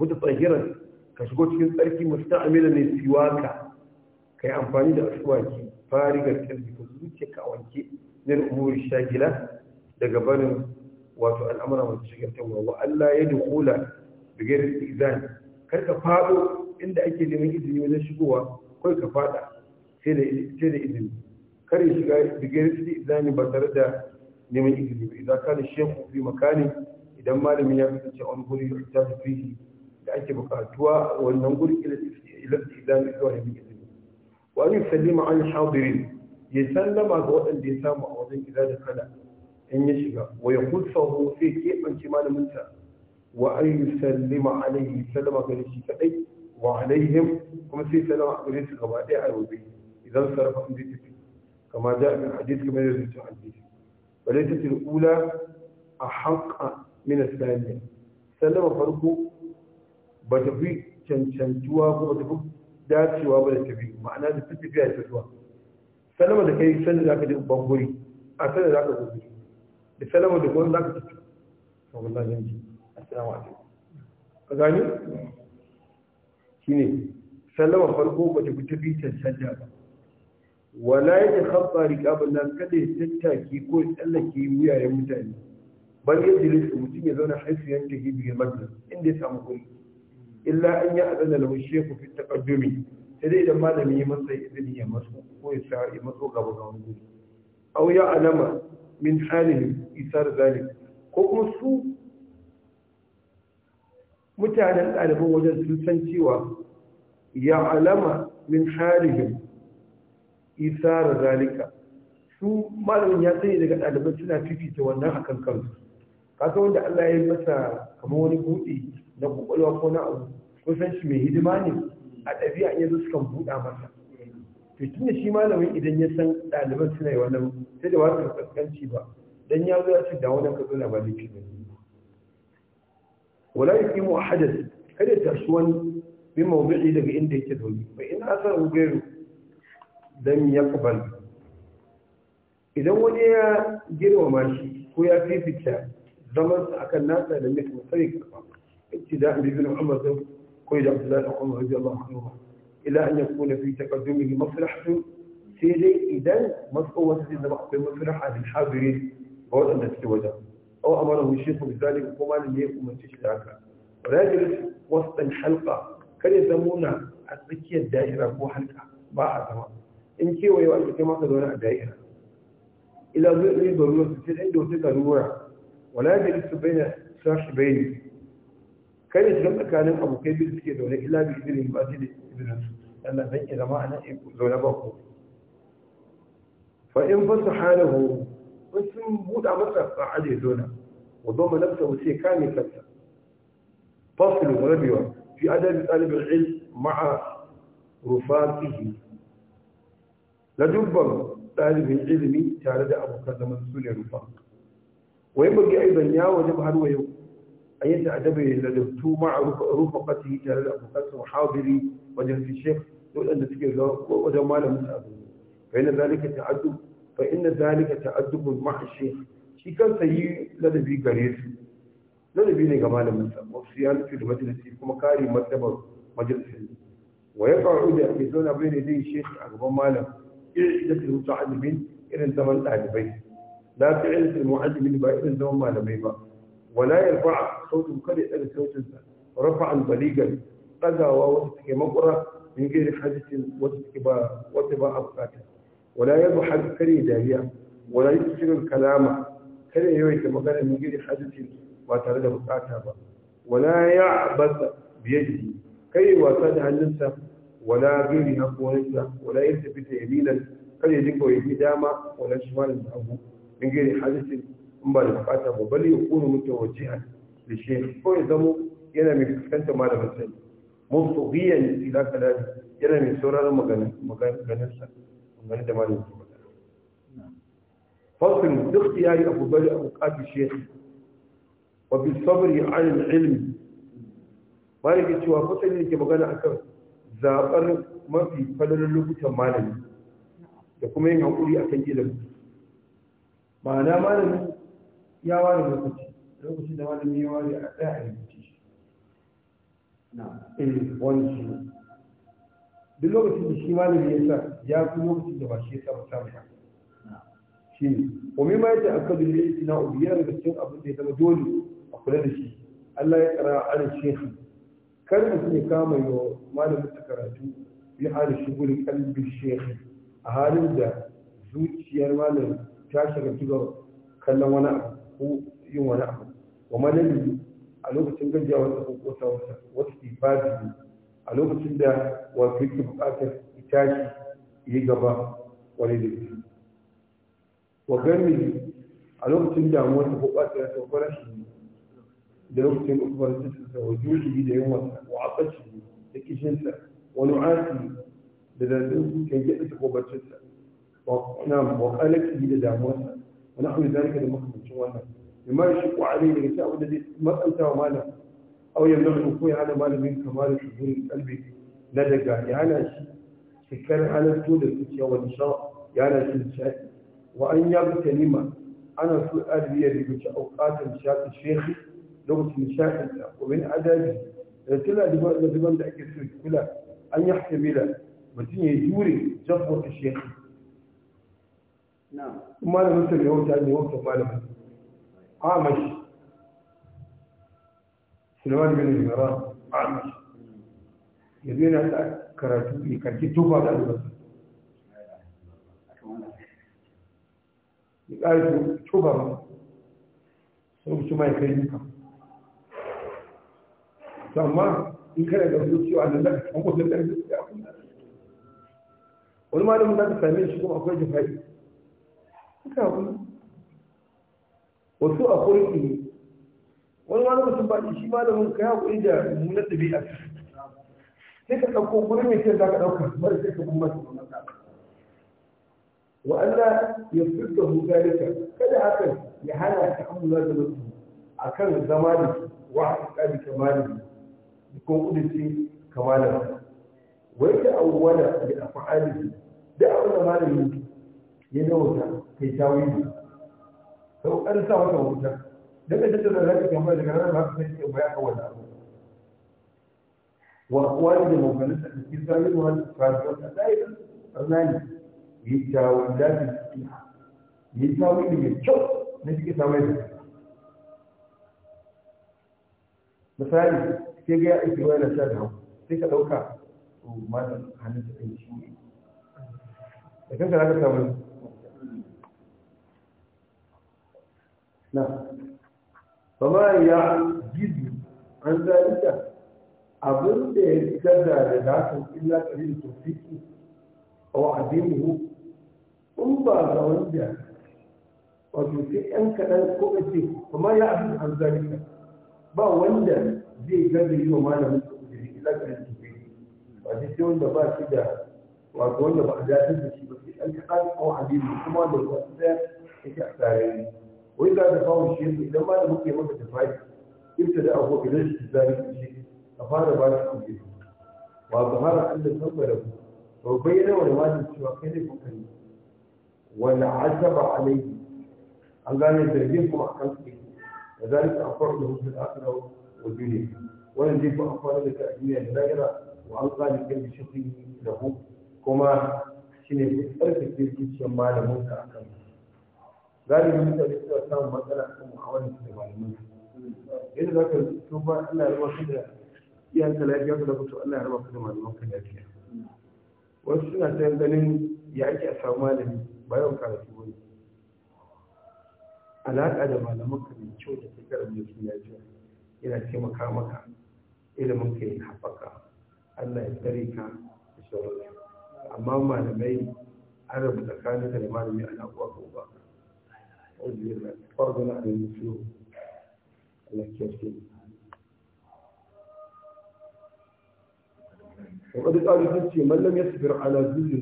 S1: متطهيرا كشكوت في الأرك مستعملا للسواك كي أنفاني لأسواك فارغ الكلب كزوجك أو أنك من الأمور الشاغلة لقبان وأتو الأمر والشغل والله ألا يدخل da gairar izani kar ka faɗo inda ake neman izini wajen shigowa kawai ka fada sai da izini kar ya shiga da gairar izani ba tare da neman izini ba idan kana shehu fi makani idan malamin ya kasance a wani guri ya ta da ake bukatuwa a wannan guri ila izani zuwa neman izini wa ni an hadirin ya sallama ga waɗanda ya samu a wajen gida da kada in ya shiga wa ya kusa sai keɓance sa. وأن يسلم عليه سلم عليه الشفائي وعليهم كما سلم عليه الغبادي على وبيه إذا صرفهم ديتي كما جاء من حديث كما يرزق حديث وليست الأولى أحق من الثانية سلم فرقه بتفي شن شن جوا بتفي دار شوا بتفي معنى تفي فيها شوا سلم ذاك يسلم ذاك يجيب بامبوري أسلم ذاك يجيب السلام عليكم ورحمة الله وبركاته salamu alaikum ka gani shine sallama farko ba ta fita bitar sallah ba wala ya ta haɓa riƙaɓar nan kada ya tattaki ko ya tsallake wuyayen mutane bal ya jire su mutum ya zauna haifu yan ta hibi majalis inda ya samu kuri illa an yi adana da wasu fi taƙaddumi sai dai idan malami ya masa izini ya maso ko ya sa ya maso gaba ga wani guri au ya alama min halin isar zalik ko kuma su mutanen ɗaliban wajen sun san cewa ya alama min halihim isar zalika su malamin ya sani daga ɗaliban suna fifita wannan hakan kansu kasa wanda Allah ya yi masa kamar wani buɗe na kwakwalwa ko na abu ko san shi mai hidima ne a ɗabi'a iya zo sukan buɗa masa to tunda shi malamin idan ya san ɗaliban suna yi wannan sai da wasu kaskanci ba dan ya zo ya ce da wannan ka zo na ba ولا يقيم أحدا هذا تسوان بموضعي لك أنت تدولي فإن أثره غير لم يقبل إذا وليا غير وماشي كويا في بيتا زمن أكل ناسا لم يكن فريق ابتداء بابن عمر كوي عبد الله عمر رضي الله عنه إلى أن يكون في تقدمه مفلحة سيدي إذا مصقوة سيدنا مقبل مفلح عن الحاضرين هو أن تتوجه أو أمره الشيخ بذلك وما لم يكن من تشتاك ولا يجلس وسط الحلقة كان يسمونا أتكي الدائرة هو حلقة باع تمام إن كي ويوالك كما تدون الدائرة إلى ذي ضرورة تصير عنده ضرورة ولا يجلس بين صاحبين كان يسلم كان أبو كيف يسكي دولة إلا بإذن المؤسد إذن أنا بين إذا ما أنا زولا بقوم فإن فسحانه in sun buɗa masa a aje zona wa zoma nafsa wuce kame kanta fasil rabewa fi adadin ɗalibin il ma'a rufaƙihi na dubban ɗalibin ilimi tare da abokan zaman su ne rufa wai bugi aiban ya wajen har wa yau أن يتأدب لدفتو مع رفقته تلال أبو قاسم حاضري وجهة الشيخ يقول أن تكير له وجمال مسأبه فإن ذلك تعدد فإن ذلك تأدب مع الشيخ شي كان سيء لدى بي قريس لدى بي نقمال منسا وصيان في المجلس كما كاري مرتبة مجلس ويقع عودة في ذون أبين يدي الشيخ أقوى ماله إذا إذا في المتعد من إذا انتمن أهل بيت لا تعلم في المعد من بيت إذا انتمن أهل بيت ولا يرفع صوت مكري إلى صوت رفع البليغة قدى ووسط كمقرة من غير حاجة وسط كبار وسط كبار أبقاتها ولا يبو حد كري ولا يتسل الكلام كري يويت مقال من غير حدث واترد بقاتها ولا يعبث بيده كي واتد عن نفسه ولا غير نفو نفسه ولا يلتفت يمينا كي يدك يدي داما ولا شمال معه من غير حدث مبال بقاتها بل يكون متوجها للشيخ كو يزمو ينا من كنت مالا بسن مصغيا إلى كلاده ينا من سورة مغنسة مغنسة من da malam ke magana fasil duk tiyari abu bari abu kafi shekhi wa bi sabri an ilmi bari ke cewa fasil ne ke magana akan zaɓar mafi fadalar lokutan malami da kuma yin haƙuri akan ilimi ma'ana malami ya ware lokaci lokaci da malami ya ware a ɗaya a rubuce shi na wani shi duk lokacin da shi malami ya sa ya fi lokacin da ba shi ya sa ba haka shi ne omi ma yadda aka dole ina ubi yana daga cikin abin da ya zama dole a kula da shi Allah ya tsara alin shehu kar mutum ya kama yi wa malamin ta karatu bi ala shi gudun kalbin shehu a halin da zuciyar malam ta shiga cikin kallon wani abu ko yin wani abu wa malamin a lokacin gajiya wata ko kosa wata wata ibadu a lokacin da wato yake buƙatar tashi yi gaba wani da shi wa gani a lokacin damuwa ta bukatar ya sauka rashin da lokacin ukubar cikinsa wa jushi da yin wasa wa da kishinsa Wani nu'asi da zarafin kan gida ta kobarcinsa na kalaki da damuwarsa wani abu da zalika da makamancin wannan imar shi kwa'ari da ya sa abu da zai matsanta wa malam أو يبلغ أخوي على مال من كمال شهور قلبي لدى قاعد يعنى سكر على طول الفتية والنشاء يعنى سلسات وأن يغتنم أنا في قلبي اللي بيجي أوقات نشاء الشيخ لغت نشاء ومن عدده تلا لبن لبن دعك سوي كلا أن يحتمل وتن يجوري جفوة الشيخ نعم ما لم تكن يوم تاني يوم تمام آمش آه، sulaiman bin a amish yanzu yana da karatu ne karki tufa da albasa ya ƙari tufa ba sun su mai kai duka amma in kana da zuciya da zaka san ko da zuciya wani malamin da ka same shi kuma akwai wasu a kurki wani wani mutum ba shi da mun kai kuɗi da mummunan ɗabi'a sai ka ɗauko guri mai ce za ka ɗauka mara sai ka kuma su ta ka wa Allah ya furta hukarika kada hakan ya hana ta amma da mutum akan zama da su wa da kamali ko ce kamala wai ta awwala da afa'ali da abin da malami ya nauta kai tawili sau an sa wata wuta daga da da zaka tambaya daga nan ba ka san cewa a kawo da wa aqwali da mukanin da cikin zalimu wal kafir da daidan annani yi tawun da cikin yi tawun da mai kyau na cikin tawun da misali sai ga ya aiki wani sha da sai ka dauka to malam hannun ta kai shi ne, da kanka zaka samu na kuma ya gizi an zarika. abin da ya fitar da da dakan illa da tofiki a mu. in ba ga wanda wato sai ƴan kaɗan ko ce kuma ya abin an zarika. ba wanda zai gaza yi wa malamin da, tofiki illa ƙarin tofiki ba sai wanda ba shi da wato wanda ba a dace da shi ba sai ɗan kaɗan a mu kuma da wasu ya yake a mu. وإذا دفعوا الشيخ إذا ما لم يكن مده تفايد يبتدا هو بلجة ذلك الشيء أفعل بارك الشيخ وأظهر أن الحب له وبين ولمات كيف فكري والعتب عليه أن قال يترجمكم أحكام وذلك أفعل له في الآخرة والدنيا ونجيب أفعل لك أجميع الدائرة وأن قال لكل شقي له كما شنو أرسل في الشمال منك أحكامه galibin mutane suna samun matsala a kan muhawarar da malamai yadda za ka to ba Allah ya raba ka da iyanka lafiya ka lafi Allah ya raba ka da malaman ka lafiya wasu suna ta ganin ya ake a samu malami bayan karatu wani alaƙa da malaman ka mai kyau da shekarar mai sun lafiya yana taimaka maka ilimin ka ya haɓaka Allah ya tsare ka da sauransu amma malamai an rabu tsakanin da malami ana kuwa ba özgürmek, pardon etmeyin, müslüm. وقد قال الفلسي من لم يصبر على جزء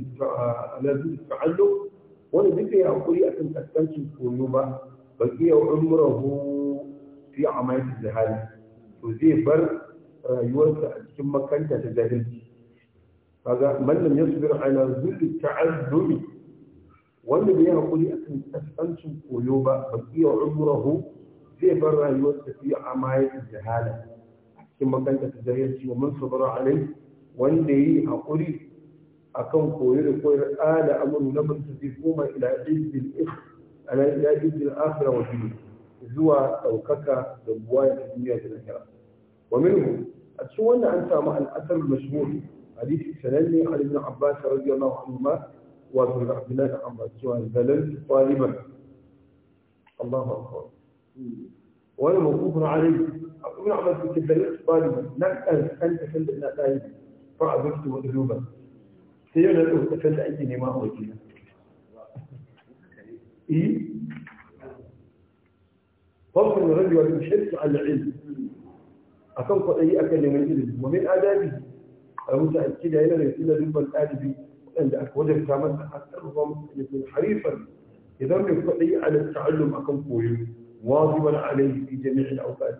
S1: على ذل التعلق ولذلك يا أخوي أتم تستنشي القلوبة بقي عمره في عماية الزهالة وزي بر آه، يوسع ثم كانت تزهلت هذا من لم يصبر على جزء التعلق wanda bai hakuri a kan kaskancin koyo ba ba iya umrahu zai bar rayuwar tafiya a mayar jahala a cikin makanta ta jahilci wa man sabara alai wanda yi hakuri akan koyo da koyar ala amru na mun tafi kuma ila izzil ikh ala ila izzil akhirah wa dini zuwa daukaka da buwaya ta duniya da lahira wa minhu a cikin wannan an samu al'asar mashhur hadisi sananne ali ibn abbas radiyallahu anhu وفي الأحملاء عما سوى البلد طالبا الله أكبر وأنا موقوف عليه أقول عمل في البلد طالبا لم أسأل تفلد نتائج فأبكت مؤذوبا سيئنا لو تفلد أي نماء وجهة إيه؟ فرق الرجل والمشرف على العلم أكون قد أي أكل من العلم ومن آدابه المتأكد هنا يسأل ذنب الآدبي عندك وجه كامل أنهم يكون حريصا إذا يستطيع على التعلم اكون قوي واظبا عليه في جميع الأوقات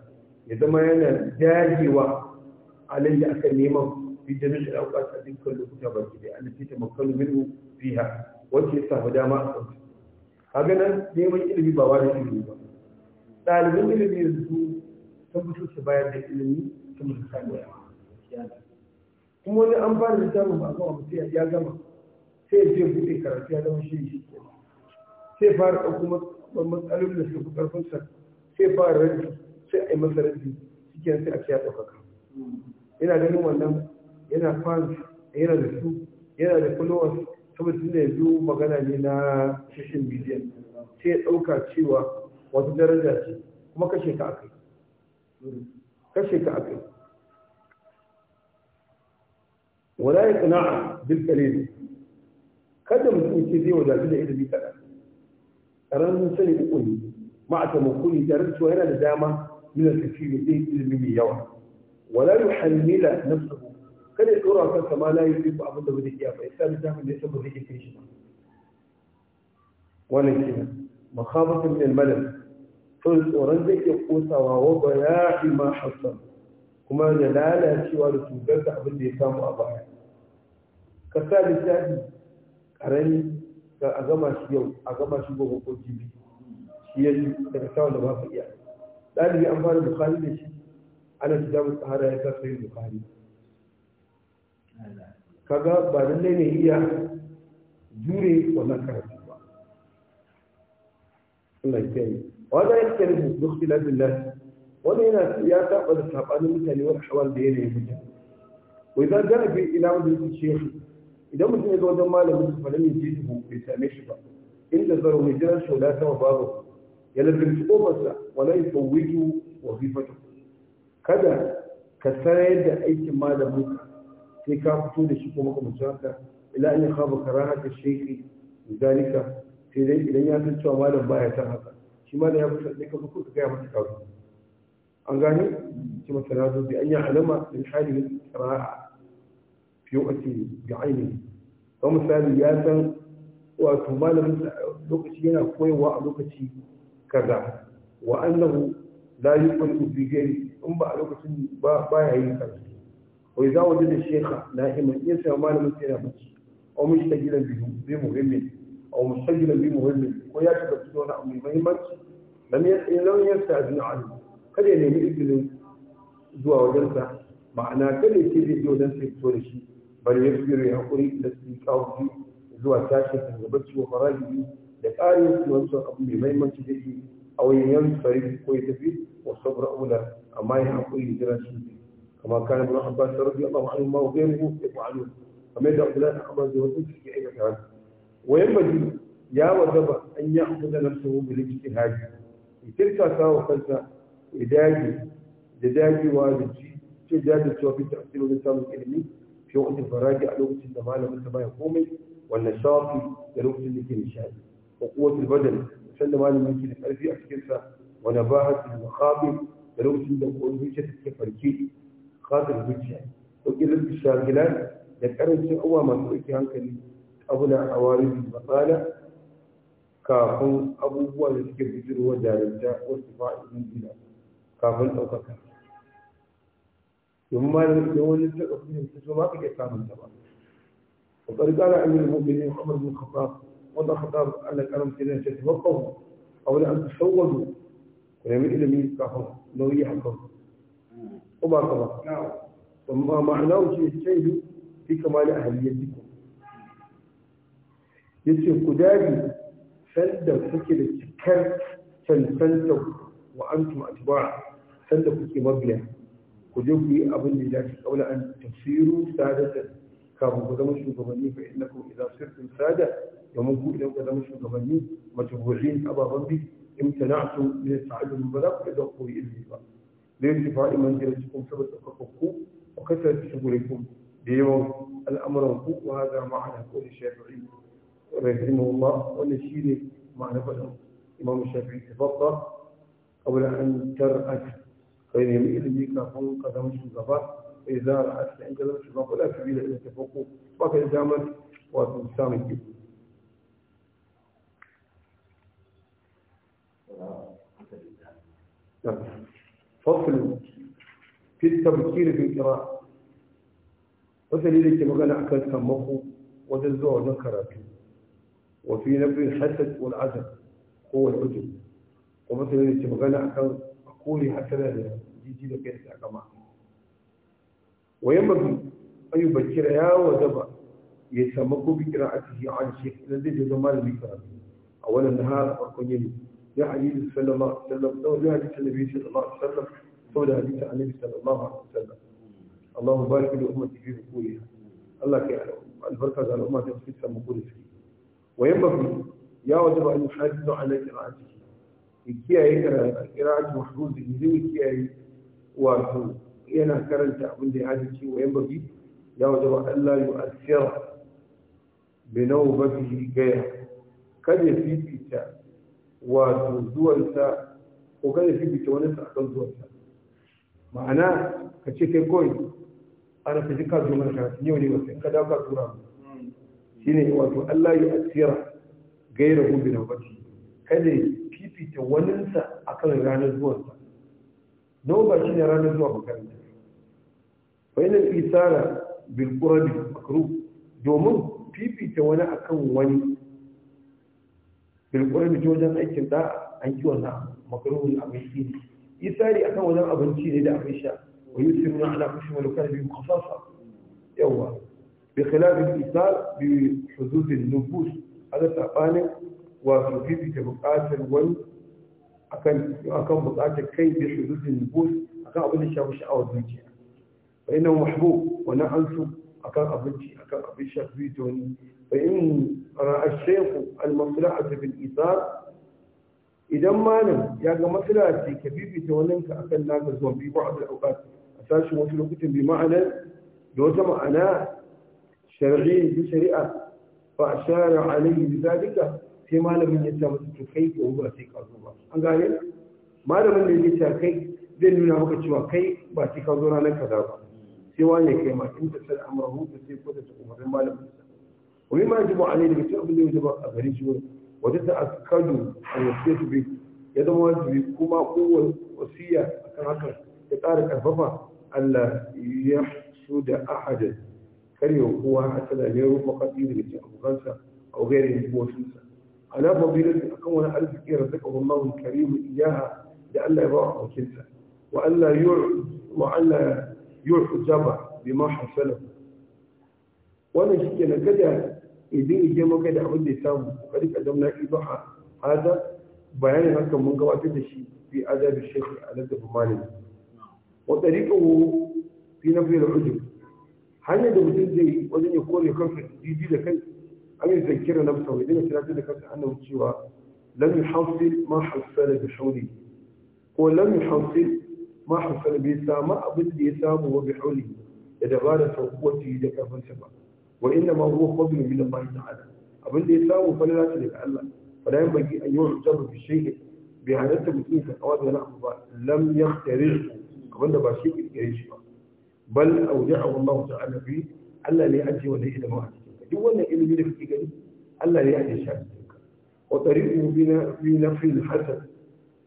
S1: إذا ما انا جاهوا عليه أكلمه في جميع الأوقات هذه كل كتابة في تمكن منه فيها وجه استهدام هكذا دائما إلمي بوالي إلمي طالبين إلمي يزدو تنبسوا سبايا الإلمي تنبسوا سبايا kuma wani an fara littafin ba gama sai ya gama sai ya ce buɗe karatu ya zama shi shi sai fara ɗauko matsalolin da suka fi ƙarfin sa sai fara rabbi sai a yi masa rabbi shi sai a ciya ɗaukaka yana ganin wannan yana fans yana da su yana da followers saboda tunda yanzu magana ne na social media sai ya ɗauka cewa wata daraja ce kuma kashe ka kai kashe ka kai ولا يقنع بالكلمة kada mutum ce zai wadatu da ilimi kaɗan ƙaramin sani uku ne ma'ata makuni tare da cewa yana da dama min al-kafiri din ilimi mai yawa wala yuhammila nafsuhu kada ya tsora kansa ma la yusifu abin da bai iya fa isa da zamin da ya saba zai kai shi ba wannan kenan makhabatun min al-malal to tsoron zai iya kosawa wa baya'i ma hasal kuma da lalacewa da cutar da abin da ya samu a baya ka sa littafi karami ga a gama shi yau a gama shi gobe ko jibi shi ya yi daga sa da ba ka iya ɗalibi an fara bukari da shi ana shi damar tsara ya kasa yin bukari kaga ba lallai ne iya jure wannan karatu ba Allah ya kiyaye wa da yake da ikhtilafin lafiya wani yana ya saba da sabanin mutane wani hawal da yanayin mutane wai za ga bi ila wanda su shehu idan mutum ya zo wajen malamin su falin yaji su bai same shi ba inda zaro mai jiran shoda sama babu ya lalbinci kofarsa wala ya sauwiju wa fifata kada ka sayar da aikin malamin sai ka fito da shi kuma kuma haka ila an ya kama karahata shekhi zalika sai dai idan ya san cewa malam baya san haka shi malam ya fi sai ka fi kuka gaya masa kafin أنغاني كما تنادوا بأن يعلم من حاله الصراع في وقته بعينه ومثال ياسا وأتما لم لقتي هنا قوي ولقتي كذا وأنه لا يقبل في غيري أم لقتي با هي وإذا وجد الشيخ نائما ينسى ما لم يصير أو مشتجلا بمهم أو مشتجلا بمهم ويأتي بسيطة أو بمهمة لم يستعد نعلم kada ya nemi izinin zuwa wajensa ma'ana kada ya ce zai je wajen sai fito da shi bari ya fi ya haƙuri da su kawo biyu zuwa tashin tangabarci wa farajibi da ƙarin su wancan abu mai mahimmanci da shi a yan fari ko ya tafi wa sabura ula amma ya haƙuri da jira shi kama kana bin abbas radiyallahu anhu ma mu ya yaf'alun kamar yadda abdullahi abbas da wasu suke ta haka wayan baji ya wajaba an yi ya abuda nafsuhu bil Haji. ya tirka ta wa kansa ya dage da dagewa da ji ce jajircewa fi tafsir wajen samun ilimi fi wani faraji a lokacin da malamin sa baya komai wannan shafi da lokacin da ke nishadi wa kuwatul badal san da malamin ke da karfi a cikin sa wa nabahatul mukhabi da lokacin da koyon zuciya take farke khatar zuciya wa kilal shagilan da karancin awa masu ɗauki hankali abuna a warin matsala kafin abubuwa da suke fitarwa jarinta wasu fa'idin gida kafin او domin malamin idan wani ta ɗauki ne ta zo ma ka iya samun وقد قال عن المؤمنين عمر بن الخطاب وضع خطاب قال لك انا ممكن تتوقفوا او ان تسودوا ولم لم يفقهوا لو يحكم وما طبع وما معناه شيء الشيء في كمال اهليتكم يسير ku فلدا sanda kuke da وانتم اتباع سندكم في مبلغ وجوبي ابو النجاح قبل ان تصيروا ساده كابو قدم الشغلين فانكم اذا صرتم ساده يومكم اليوم قدم الشغلين مجبورين ابا ربي امتنعتم من التعدد من بلاغ فدقوا باذن الله لارتفاع منزلتكم سبب تفككم وكثره شغلكم ليوم الامر مفوق وهذا معنى قول الشافعي رحمه الله ونشيله معنى فضل امام الشافعي تفضل قبل أن ترأت فإن يميل بك فوق قدم الشغفاء فإذا رأت فإن قدم الشغفاء لا سبيل إلى التفوق وقد دامت وتنسام الجب نعم. فصل في التبكير في القراءة فصل إليك مغانا أكل سمكو وتزوع نكرته وفي نفي الحسد والعزم هو العجب ومثلا اللي تبغى انا اقولي حتى لا يجي لك يسع كمان وينبغي اي بكر يا ودبا يسمكو بقراءته عن شيخ الذي جزم المكرم اول النهار اركن يلي يا حديث صلى الله عليه وسلم او يا حديث النبي صلى الله عليه وسلم او يا حديث النبي صلى الله عليه وسلم اللهم بارك لامتي في بقولها الله كيعلم البركه على امتي في السماء كل شيء وينبغي يا ودبا ان يحدث عن قراءته ya kiyaye qira'atu mahfuz idan ya kiyaye wato yana karanta abin da ya hadisi wa yan babi ya wajaba Allah yu'assira bi nawbatihi gaya kada ya fifita wato zuwansa ko kada ya fifita wani sakon zuwansa ma'ana ka ce kai kawai ana ka ji ka zo mana kafin yau ne wasu in ka dawo ka tura mu shine wato Allah ya asira gaira hu bi nawbati kada fifita waninsa a kan ranar zuwansa na ba shi ne ranar zuwa makaranta bai bayanin bilkura da makaru domin fifita wani a kan wani bilkura da wajen aikin da an kiwon na makaruhun abinci ne isari a kan wajen abinci ne da abin sha wani sirri na ana kashe malukar biyu kasasa yawa bi khilafin isar bi huzuzin nufus a ga saɓanin wato fifita bukatar wani akan bukatar kai da shududin nufus akan abin da shafi sha'awar zuciya bai nan mahbu wani an su akan abinci akan abin shafi zuciya wani bai in ra'asheku almasula a tafin isa idan malam ya ga masala ce ka fifita wannan ka akan naka zuwa biyu ba abin aukat a sashen wasu lokutan bi ma'anar da wata ma'ana shari'a shari'a fa ashara alaihi bi zalika sai malamin ya sa masa to kai ko ba sai ka zo ba an gane malamin da ya ce kai zai nuna maka cewa kai ba sai ka zo ranar kaza ba sai wani kai ma in ta san amrahu ta sai ko ta umarnin malamin sa wa mimma yajibu alayhi da cikin abin da ya wajaba a gare shi wata ta askadu a wasiyatu bi ya zama wajibi kuma ko wasiya akan haka ya tsara karfafa Allah ya su da ahadin kar yau kowa hasala ne rufa kaɗi daga cikin abokansa a gairin wasunsa
S2: أنا فضيلة
S1: أكون أرزقي ذكر الله الكريم إياها لألا يضاع وكلها وألا يعجب وألا يعجب بما حصله وأنا شكنا كده إذن جمع كده عندي سام وقد قدمنا إيضاح هذا بيان هكا من قواتد الشيء في آداب الشيخ آداب الرماني وطريقه في نفي العجب هل يدو زي وزن يقول يكفر يجي لكي أو يذكر نفسه لذلك لا تذكرت أنه سوى لم يحصل ما حصل بحوله هو لم يحصل ما حصل بإسامة أبد بإسامه وبحوله لدبارة وقوته ذكر فلسفة وإنما هو فضل من الله تعالى أبد إسامه فلا تلك الله فلا ينبغي أن يعجب بشيء بهذا المسلم كقواد ولا أخبار لم يخترعه أبدا بشيء يعيش بل أودعه الله تعالى فيه ألا لأجي ولي إلى مهدي دي ولا اللي يلف في جدي وطريقه بنا في نفي الحسن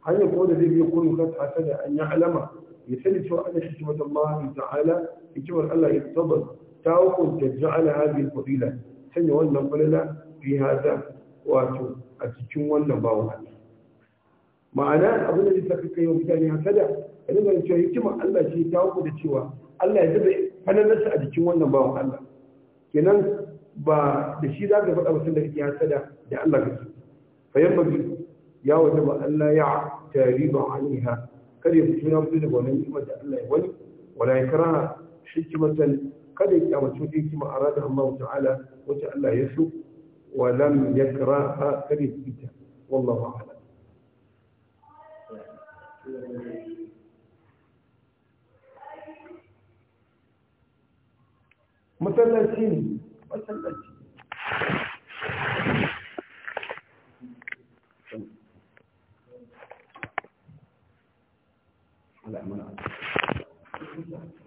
S1: هل يقول الذي يقول قد حسن ان يعلم يسلم سؤال انا حكمه الله تعالى يجبر الله يتصدق تاوكل تجعل هذه الفضيله سنه ولا فلنا في هذا واتو اتشون ولا باو معنى ابو الذي تفك يوم ثاني هكذا انما يجتمع الله شيء تاوكل تشوى الله يجبر فلنا نسال تشون ولا باو الله ba da shi za ka faɗa mutum da kake hasada da Allah ka ce fa yamma bi ya wata ba Allah ya tariba alaiha kada ya fito na fito daga wannan ni'imar da Allah ya wani wala ya karaha shikimatan kada ya kyamaci wata hikima a radar Allah ta'ala wacce Allah ya so ولم يكرهها كرهته والله أعلم مثلا سين masallaci Allah mana